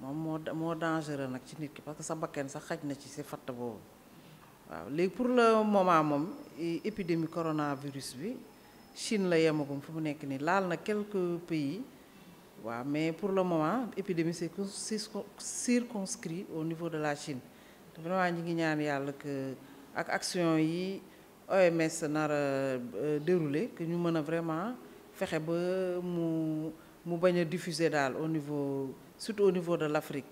C'est moo dangereux nag ci parce que sa bakken sax xaj na ci si fatt boobu pour le moment mom épidémie coronavirus bi Chine la yamagum fu mu nekk nii laal na quelques pays wa mais pour le moment épidémie c'est circonscrit au niveau de la Chine te vraiment ñi ngi ñaan yalla que ak action yi OMS nar a euh, déroulé que ñu mën vraiment fexé ba mu mu baña diffuser dal au niveau surtout au niveau de l'Afrique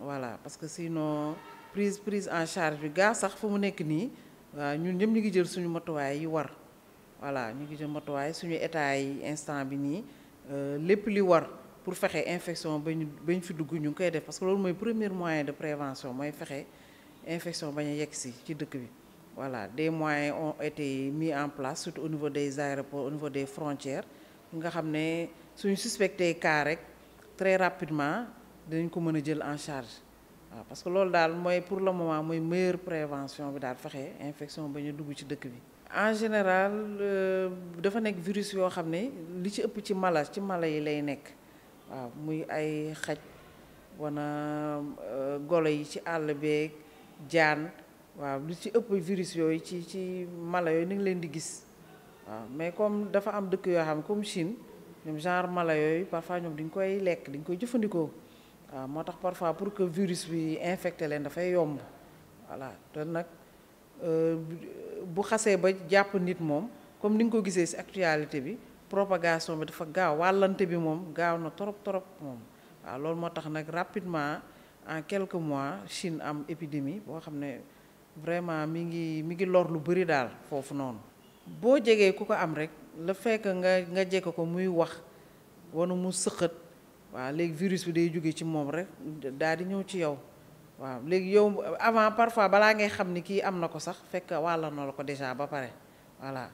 voilà parce que sinon prise prise en charge bi gaa sax fu mu nekk nii ñun ñëpp ñi ngi jël suñu matuwaay yi war voilà ñi ngi jël matuwaay suñu état yi instant bi euh lepp li war pour fexe infection bañ bañ fi dugg ñu koy def parce que loolu moy premier moyen de prévention moy fexe infection baña a yegg ci dëkk bi voilà des moyens ont été mis en place surtout au niveau des aéroports au niveau des frontières nga xamné suñu suspecté cas rek très rapidement dañ ko mëna jël en charge waaw parce que loolu dal moy pour le moment moy meilleure prévention bi dal fexe infection ba dugg ci dëkk bi. en général euh, dafa nek virus yo xamné li ci ëpp ci mala ci mala yi lay nek waaw muy ay xaj wana euh, golo yi ci all beeg jaan waaw li ci ëpp virus yoy ci ci mala yoy ni ngi leen di gis mais comme dafa am dëkk yo xam comme Chine ñom genre mala yoy parfois ñom dañ koy lek, dañ koy jëfandikoo waaw moo tax parfois pour que virus bi infecté da fay yomb voilà nak euh bu xasse ba japp nit mom comme ni nga ko gisé ci actualité bi propagation bi dafa gaaw walanté bi mom gaaw na torop torop mom wa lool motax nak rapidement en quelques mois Chine am épidémie bo xamné ne vraiment mi ngi mi ngi lor lu bari dal fofu noonu boo jegee ku ko am rek la fekk nga nga jekk ko muy wax wanu mu sëqat waa léegi virus bi day jóge ci moom rek daal di ñëw ci yow waaw léegi yow avant parfois balaa ngay xam ni kii am na ko sax fekk wàlla na la ko déjà ba pare voilà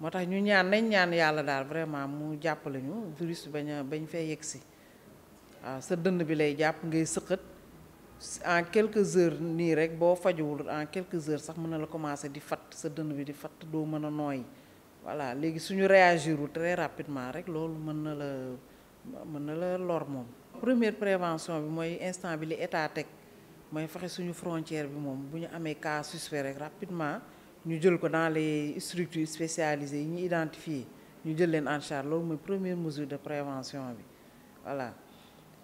moo tax ñu ñaan nañ ñaan yàlla daal vraiment mu jàpp lañu virus bañ a bañ fee yegg si waaw sa dënn bi lay jàpp ngay sëqat en quelques heures ni rek bo fajuwul en quelques heures sax mën na la commencé di fat sa dënn bi di fat do mën noy voilà léegi suñu réagirul très rapidement rek loolu mën la mën la lor mom première prévention bi moy instant bi li état tek moy fexe suñu frontière bi mom buñu amé cas suspect rek rapidement ñu jël ko dans les structures spécialisées yi ñu identifié ñu jël leen en charge loolu moy première mesure de prévention bi voilà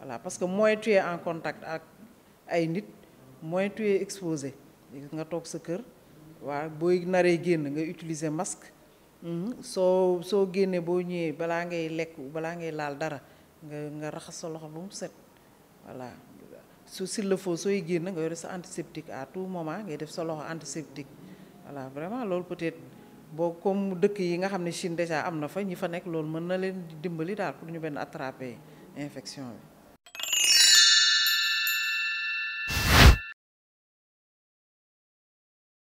voilà parce que moins tu es en contact avec ay nit moins tu es exposé nga tok sa kër wa boy naree guen nga utiliser masque hmm so so guené boo ñëwee balaa ngay lekk balaa ngay lal dara nga nga raxas sa loxo ba mu set voilà so s'il le faut soy guen nga yore sa antiseptique à tout moment ngay def sa loxo antiseptique voilà vraiment loolu peut-être bo comme dëkk yi nga xamné Chine déjà amna fa ñi fa nek loolu mën na leen dimbali daal pour ñu ben attraper infection bi